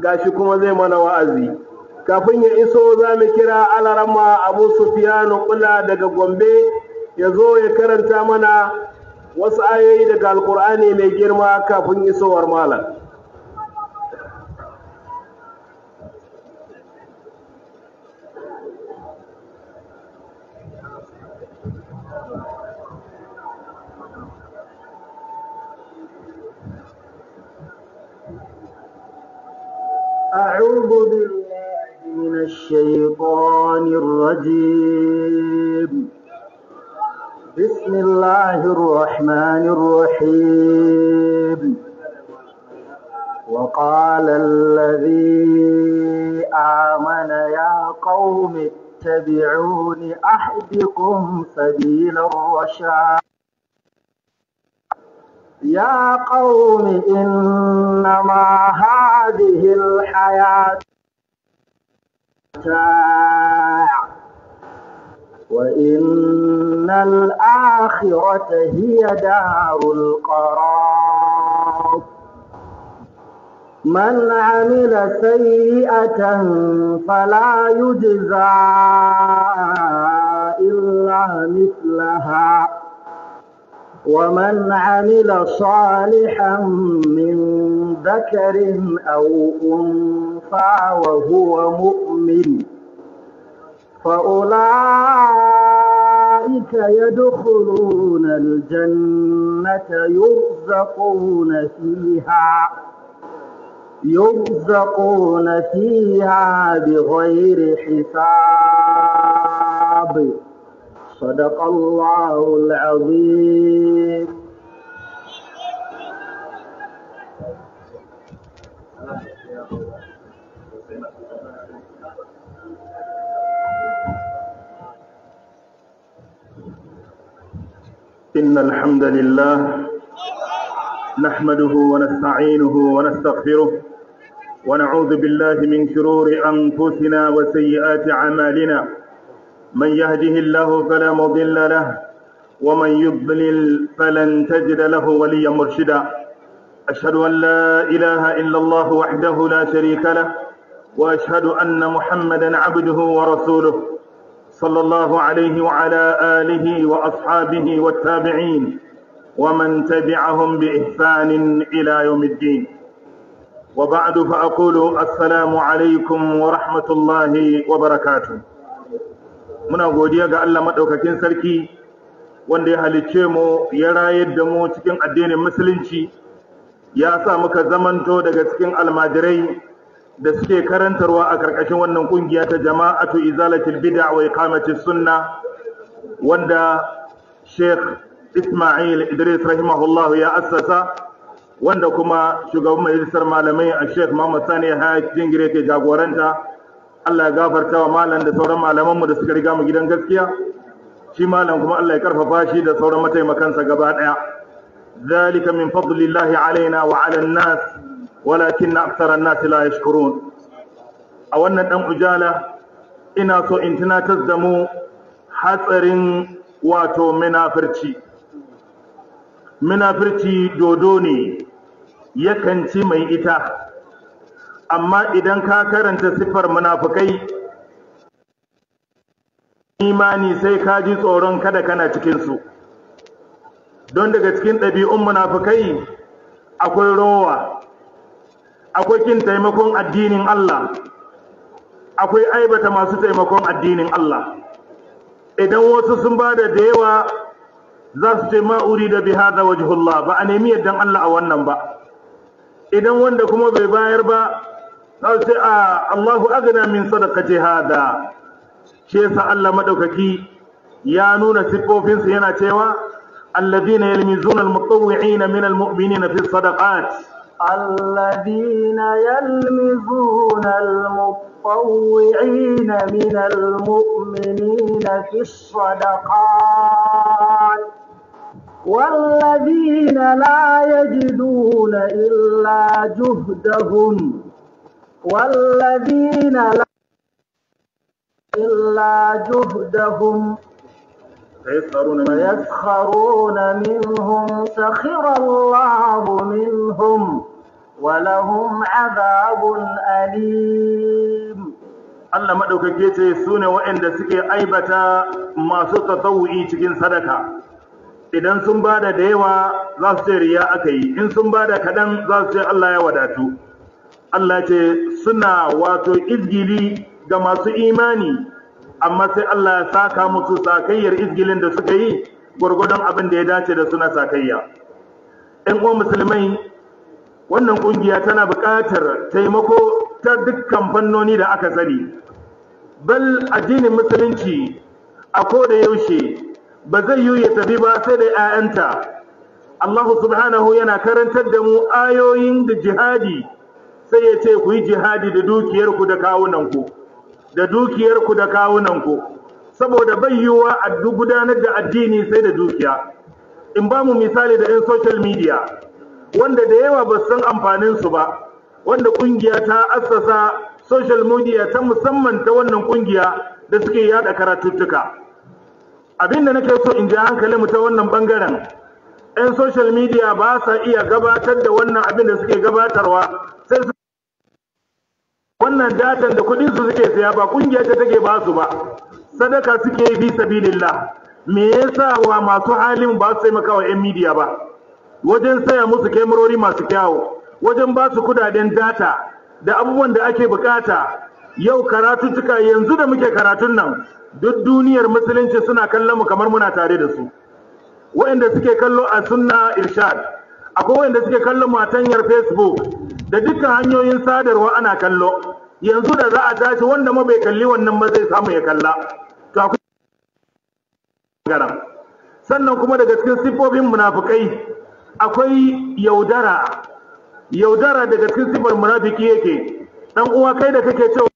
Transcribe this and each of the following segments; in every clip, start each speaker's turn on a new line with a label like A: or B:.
A: gashi kuma zai mana wa'azi kafin ya iso za mu kira alarama abu sufiyanu kula daga gombe ya zo ya karanta mana wasu ayoyi daga Alƙur'ani mai girma kafin isowar malam
B: أعوذ بالله من الشيطان الرجيم بسم الله الرحمن الرحيم وقال الذي آمن يا قوم اتبعوني أحدكم سبيل الرشاد يا قوم إنما هذه الحياة متاع وإن الآخرة هي دار القرار من عمل سيئة فلا يجزى إلا مثلها ومن عمل صالحا من ذكر أو أنثى وهو مؤمن فأولئك يدخلون الجنة يرزقون فيها يرزقون فيها بغير حساب صدق الله العظيم
A: إن الحمد لله نحمده ونستعينه ونستغفره ونعوذ بالله من شرور أنفسنا وسيئات أعمالنا من يهده الله فلا مضل له ومن يضلل فلن تجد له وليا مرشدا أشهد أن لا إله إلا الله وحده لا شريك له وأشهد أن محمدا عبده ورسوله صلى الله عليه وعلى آله وأصحابه والتابعين ومن تبعهم بإحسان إلى يوم الدين وبعد فأقول السلام عليكم ورحمة الله وبركاته muna godiya ga Allah maɗaukakin sarki wanda ya halicce mu ya rayar da mu cikin addinin musulunci ya sa muka zamanto daga cikin almajirai da suke karantarwa a karkashin wannan kungiya ta jama'atu izalatul bid'a wa iqamatis sunna wanda Sheikh Ismail Idris rahimahullahu ya assasa wanda kuma shugaban majalisar malamai a Sheikh Muhammad Sani Hayat Jingire ke jagoranta Allah ya gafarta wa malam da sauran malamanmu da suka riga mu gidan gaskiya shi malam kuma Allah ya karfafa shi da sauran mataimakansa gaba daya zalika min fadlillahi alaina wa ala nas walakin akthara an-nas la yashkurun a wannan dan ujala ina so in tunatar da mu hatsarin wato munafirci munafirci dodo ne yakan ci mai ita amma idan ka karanta siffar munafukai imani sai ka ji tsoron kada kana cikinsu don daga cikin ɗabi'un munafukai akwai rowa akwai kin taimakon addinin Allah akwai aibata masu taimakon addinin Allah idan wasu sun ba da yawa za su ce ma'uri da bi da wajihullah ba a nemi yaddan Allah a wannan ba idan wanda kuma bai bayar ba za su ce a Allahu agna min sadaqati hada shi yasa Allah madaukaki ya nuna siffofinsu yana cewa alladhina yalmizuna almutawwi'ina min almu'minina fi sadaqat
B: alladhina yalmizuna almutawwi'ina min almu'minina fi sadaqat والذين لا يجدون إلا جهدهم والذين لا إلا جهدهم ويسخرون منهم
A: سخر الله منهم ولهم عذاب أليم Allah maɗaukake ce su ne waɗanda suke aibata masu tasawu'i cikin sadaka idan sun bada da yawa za su ce riya aka yi in sun bada kaɗan za su ce Allah ya wadatu Allah ce suna wato izgili ga masu imani amma sai Allah ya saka musu sakayyar izgilin da suka yi gwargwadon abin da ya dace da suna sakayya ɗan uwan musulmai wannan ƙungiya tana buƙatar taimako ta dukkan fannoni da aka sani bal addinin musulunci a koda yaushe ba zai yiwu ya tafi ba sai da 'ya'yanta Allah subhanahu yana karantar da mu ayoyin da jihadi sai ya ce ku yi jihadi da dukiyarku da kawunanku da dukiyarku da kawunanku saboda bai yiwuwa a gudanar da addini sai da dukiya in ba mu misali da 'yan social media wanda da yawa ba san amfanin su ba wanda kungiya ta assasa social media ta musamman ta wannan kungiya da suke yada karatuttuka abin da nake so in ji mu ta wannan bangaren 'yan social media ba sa iya gabatar da wannan abin da suke gabatarwa sai wannan datan da kudin su suke saya ba kungiyar da take ba su ba sadaka suke yi fi sabilillah me yasa wa masu halin ba su taimaka wa yan midiya ba wajen saya musu kyamarori masu kyawu wajen ba su kudaden data da abubuwan da ake bukata yau tuka yanzu da muke karatun nan duk duniyar musulunci suna kallon mu kamar muna tare da su wa'anda suke kallo a sunna irshad akwai wa'anda suke kallon mu a tanyar facebook da dukkan hanyoyin sadarwa ana kallo yanzu da za a tashi wanda ma bai kalli wannan ba zai samu ya kalla to sannan kuma daga cikin sifofin munafukai akwai yaudara yaudara daga cikin sifar munafiki yake dan uwa kai da kake cewa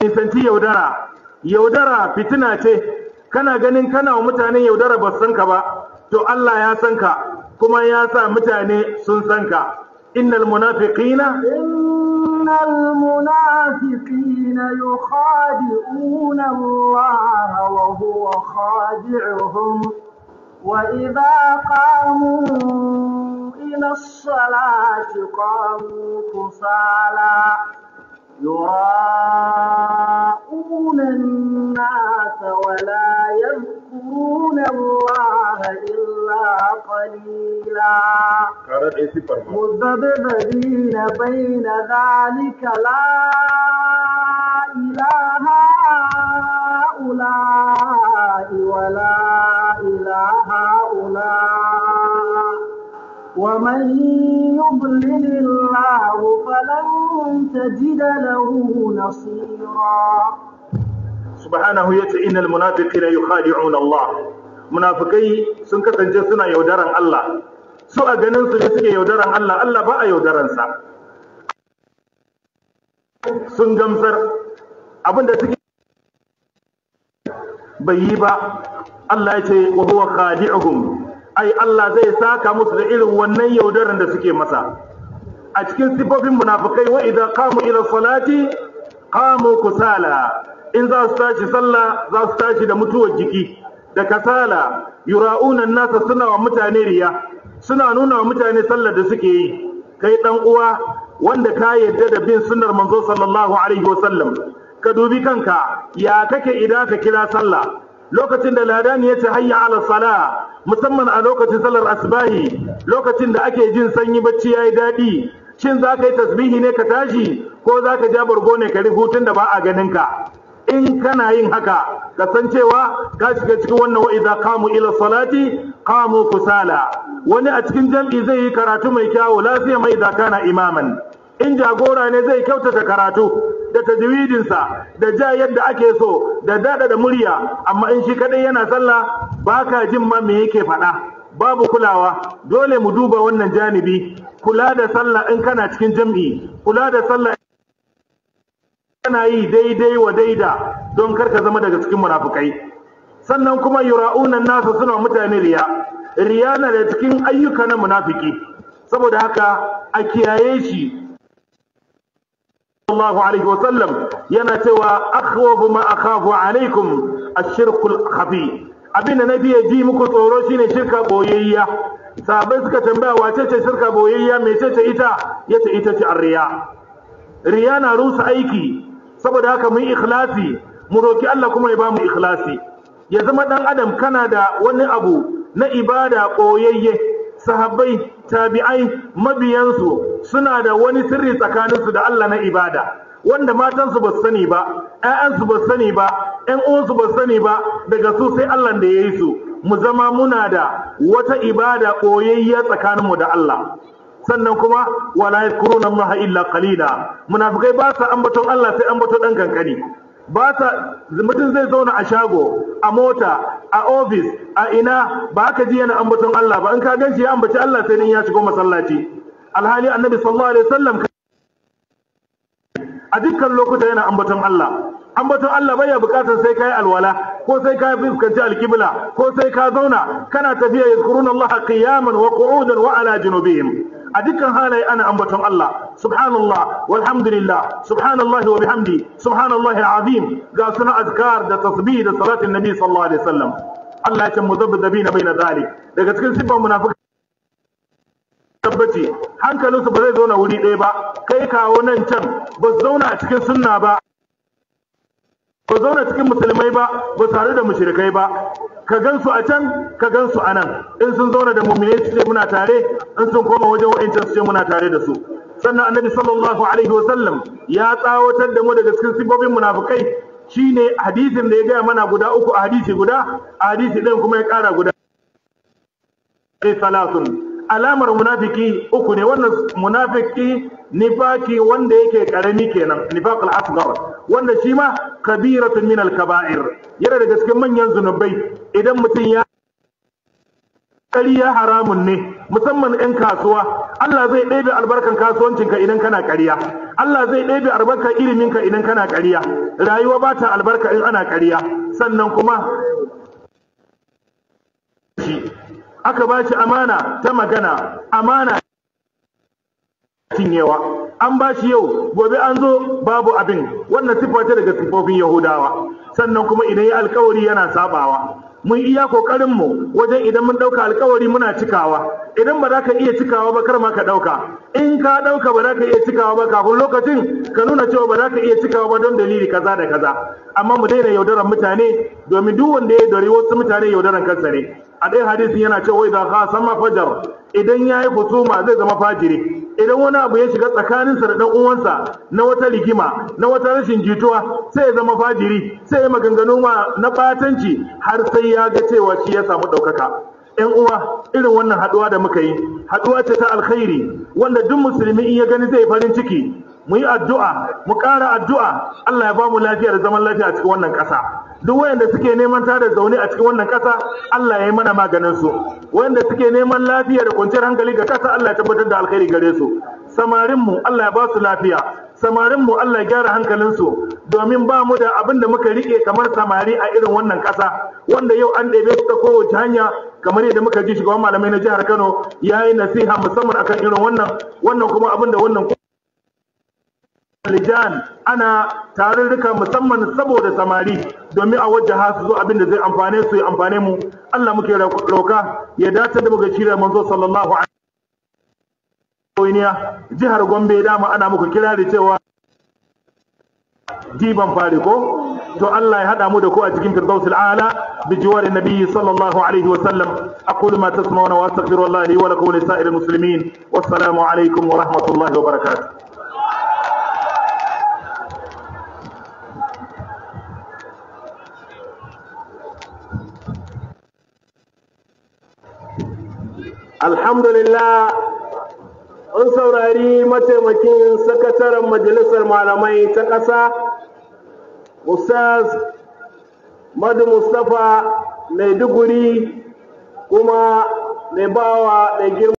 A: nisanci yaudara yaudara fitina ce kana ganin kana wa mutanen yaudara ba san ka ba to Allah ya san ka kuma ya sa mutane sun san ka إن المنافقين إن
B: المنافقين يخادعون الله وهو خادعهم وإذا قاموا إلى الصلاة قاموا كسالى يراءون الناس ولا يذكرون يذكرون الله إلا قليلا مذبذبين بين ذلك لا إله هؤلاء ولا إله هؤلاء ومن يضلل الله فلن تجد له نصيرا
A: subhanahu yace innal munafiqina yukhadi'una Allah munafikai sun kasance suna yaudaran Allah su a ganin su suke yaudaran Allah Allah ba a yaudaran sa sun gamsar abinda suke bai yi ba Allah ya ce wa huwa khadi'uhum ai Allah zai saka musu da irin wannan yaudaran da suke masa a cikin sifofin munafikai wa idza qamu ila salati qamu kusala in za su tashi sallah za su tashi da mutuwar jiki da kasala yura'unan nasa suna wa mutane riya suna nuna wa mutane sallar da suke yi kai dan uwa wanda ka yadda da bin sunnar manzo sallallahu alaihi wasallam ka dubi kanka ya kake idan ka kira sallah lokacin da ladani ya ce hayya ala salah musamman a lokacin sallar asbahi lokacin da ake jin sanyi bacci yayi daɗi shin za ka yi tasbihi ne ka tashi ko za ka ja bargo ne ka rubutun da ba a ganin ka in kana yin haka kasancewa ka shiga cikin wannan wa'iza kamu ila salati kamu kusala wani a cikin jam'i zai yi karatu mai kyawu lafiya mai da kana imaman in jagora ne zai kyautata karatu da tajwidinsa da ja yadda ake so da dada da murya amma in shi kadai yana sallah baka jin ma me yake faɗa babu kulawa dole mu duba wannan janibi kula da sallah in kana cikin jam'i kula da sallah Yana yi daidai wa daida don karka zama daga cikin munafukai sannan kuma yura'unan nasa suna mutane riya riya na da cikin ayyuka na munafiki saboda haka a kiyaye shi sallallahu alaihi wa sallam yana cewa akhwafu ma akhafu alaikum ash-shirku al-khafi abinda nabi ya ji muku tsoro shine shirka boyayya sahabbai suka tambaya wace ce shirka boyayya mece ce ita yace ita ce ariya. riya na rusa aiki saboda haka mun ikhlasi mu roki Allah kuma ya ba mu ikhlasi ya zama dan adam kana da wani abu na ibada koyayye sahabbai tabi'ai mabiyansu suna da wani sirri tsakaninsu da Allah na ibada wanda matansu ba sani ba ƴaƴansu ba sani ba ƴan uwansu ba sani ba daga su sai Allah da ya yi su mu zama muna da wata ibada tsakanin tsakaninmu da Allah sannan kuma wala yadhkuruna Allah illa qalila munafikai ba sa ambaton Allah sai ambaton dan kankani ba sa mutum zai zauna a shago a mota a ofis a ina ba ka ji yana ambaton Allah ba in ka ganshi ya ambaci Allah sai in ya shigo masallaci alhali annabi sallallahu alaihi wasallam a dukkan lokuta yana ambaton Allah ambaton Allah baya buƙatar sai kai alwala ko sai ka fuskanci alkibla ko sai ka zauna kana tafiya yazkuruna Allah qiyaman wa qu'udan wa ala junubihim a dukkan halaye ana ambaton Allah subhanallah walhamdulillah subhanallah wa bihamdi subhanallah azim ga suna azkar da tasbih da salatin nabi sallallahu alaihi wasallam Allah ya ce muzabbidabina baina dhalik daga cikin sifan munafiki tabbaci hankalinsu ba zai zauna wuri ɗaya ba kai kawo nan can ba zauna a cikin sunna ba ba zauna cikin musulmai ba ba tare da mushrikai ba ka gan su a can ka gan su a nan in sun zauna da mu'mini su ce muna tare in sun koma wajen wa'ancan su ce muna tare da su sannan annabi sallallahu alaihi wasallam ya tsawatar da mu daga cikin sifofin munafikai shine hadisin da ya gaya mana guda uku a hadisi guda a hadisi ɗin kuma ya ƙara guda alamar munafiki uku ne wannan munafiki nifaki wanda yake karami kenan nifaq al-asghar wanda shi ma kabiratun min al-kaba'ir yana daga cikin manyan zunubai idan mutum ya kariya haramun ne musamman 'yan kasuwa Allah zai ɗebe albarkan kasuwancinka idan kana karya. Allah zai ɗebe albarkan iliminka idan kana karya. rayuwa ba ta albarka in ana karya, sannan kuma aka ba shi amana ta magana amana cinyewa an ba shi yau gobe an zo babu abin wannan tufa ta daga siffofin yahudawa sannan kuma idan ya alkawari yana sabawa mun iya kokarin mu wajen idan mun dauka alkawari muna cikawa idan ba za ka iya cikawa ba kar ma ka dauka in ka dauka ba za ka iya cikawa ba kafin lokacin ka nuna cewa ba za ka iya cikawa ba don dalili kaza da kaza amma mu daina yaudaran mutane domin duk wanda ya dori wasu mutane yaudaran kansa ne a dai hadisin yana cewa idan ka sama fajar idan yayi yi zai zama fajiri idan wani abu ya shiga tsakaninsa da ɗan uwansa na wata rigima na wata rashin jituwa sai ya zama fajiri sai ya maganganu ma na batanci har sai ya ga cewa shi ya samu ɗaukaka yan uwa irin wannan haɗuwa da muka yi haɗuwa ce ta alkhairi wanda duk musulmi in ya gani zai farin ciki mu yi addu'a mu ƙara addu'a Allah ya ba mu lafiya da zaman lafiya a cikin wannan ƙasa duk wayanda suke neman tada zaune a cikin wannan ƙasa Allah ya yi mana maganin su wayanda suke neman lafiya da kwanciyar hankali ga ƙasa Allah ya tabbatar da alkhairi gare su samarin mu Allah ya ba su lafiya samarin mu Allah ya gyara hankalin su domin ba mu da abin da muka rike kamar samari a irin wannan ƙasa wanda yau an ɗebe su ta kowace hanya kamar yadda muka ji shugaban malamai na jihar Kano ya yi nasiha musamman akan irin wannan wannan kuma abin da wannan lijan ana tarurruka musamman saboda samari domin a wajaha su zo abin da zai amfane su ya amfane mu Allah muke roka ya dace da bugaci da manzo sallallahu alaihi jihar Gombe dama ana muku kira da cewa jiban fari ko to Allah ya hada mu da ku a cikin firdausul ala bi jiwar nabi sallallahu alaihi wa sallam aqulu ma tasma'una wa astaghfirullahi wa lakum wa lisa'iril muslimin wassalamu alaikum wa rahmatullahi wa barakatuh alhamdulillah un saurari mataimakin sakataren majalisar malamai ta ƙasa ustaz madu mustapha maiduguri kuma mai bawa mai girma